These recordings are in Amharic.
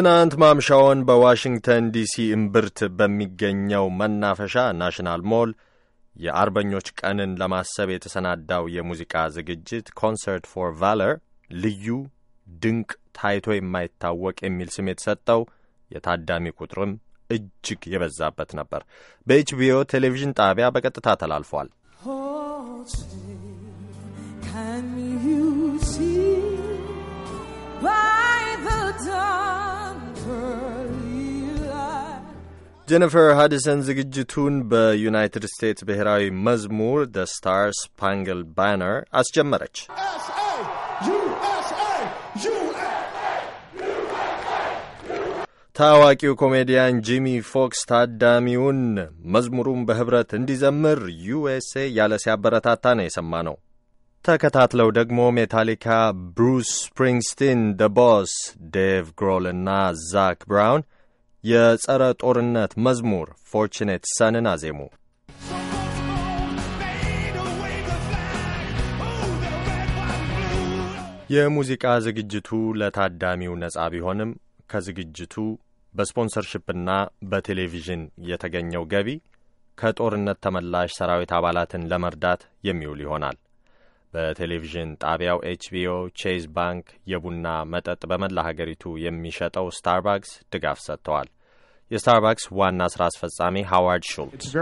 ትናንት ማምሻውን በዋሽንግተን ዲሲ እምብርት በሚገኘው መናፈሻ ናሽናል ሞል የአርበኞች ቀንን ለማሰብ የተሰናዳው የሙዚቃ ዝግጅት ኮንሰርት ፎር ቫለር ልዩ ድንቅ ታይቶ የማይታወቅ የሚል ስም የተሰጠው የታዳሚ ቁጥርም እጅግ የበዛበት ነበር። በኤችቢኦ ቴሌቪዥን ጣቢያ በቀጥታ ተላልፏል። ጀኒፈር ሃዲሰን ዝግጅቱን በዩናይትድ ስቴትስ ብሔራዊ መዝሙር ደ ስታር ስፓንግል ባነር አስጀመረች። ታዋቂው ኮሜዲያን ጂሚ ፎክስ ታዳሚውን መዝሙሩን በኅብረት እንዲዘምር ዩኤስኤ ያለ ሲያበረታታ ነው ነው። ተከታትለው ደግሞ ሜታሊካ፣ ብሩስ ስፕሪንግስቲን፣ ደ ቦስ፣ ዴቭ ግሮል እና ዛክ ብራውን የጸረ ጦርነት መዝሙር ፎርችኔት ሰንን አዜሙ። የሙዚቃ ዝግጅቱ ለታዳሚው ነጻ ቢሆንም ከዝግጅቱ በስፖንሰርሽፕና በቴሌቪዥን የተገኘው ገቢ ከጦርነት ተመላሽ ሰራዊት አባላትን ለመርዳት የሚውል ይሆናል። በቴሌቪዥን ጣቢያው ኤችቢኦ ቼዝ ባንክ የቡና መጠጥ በመላ ሀገሪቱ የሚሸጠው ስታርባክስ ድጋፍ ሰጥተዋል። የስታርባክስ ዋና ስራ አስፈጻሚ ሃዋርድ ሹልትስ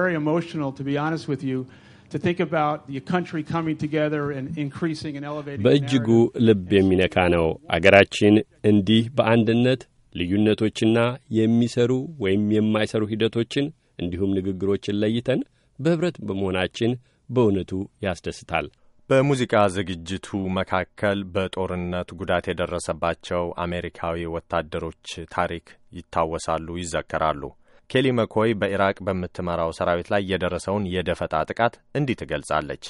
በእጅጉ ልብ የሚነካ ነው። አገራችን እንዲህ በአንድነት ልዩነቶችና የሚሰሩ ወይም የማይሰሩ ሂደቶችን እንዲሁም ንግግሮችን ለይተን በኅብረት በመሆናችን በእውነቱ ያስደስታል። በሙዚቃ ዝግጅቱ መካከል በጦርነት ጉዳት የደረሰባቸው አሜሪካዊ ወታደሮች ታሪክ ይታወሳሉ፣ ይዘከራሉ። ኬሊ መኮይ በኢራቅ በምትመራው ሰራዊት ላይ የደረሰውን የደፈጣ ጥቃት እንዲህ ትገልጻለች።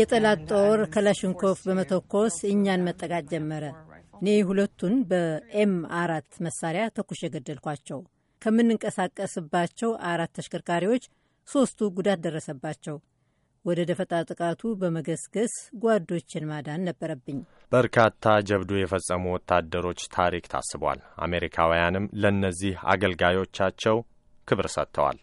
የጠላት uh, ጦር ከላሽንኮፍ በመተኮስ እኛን መጠቃት ጀመረ። እኔ ሁለቱን በኤም አራት መሳሪያ ተኩሽ የገደልኳቸው ከምንንቀሳቀስባቸው አራት ተሽከርካሪዎች ሶስቱ ጉዳት ደረሰባቸው። ወደ ደፈጣ ጥቃቱ በመገስገስ ጓዶችን ማዳን ነበረብኝ። በርካታ ጀብዱ የፈጸሙ ወታደሮች ታሪክ ታስቧል። አሜሪካውያንም ለእነዚህ አገልጋዮቻቸው ክብር ሰጥተዋል።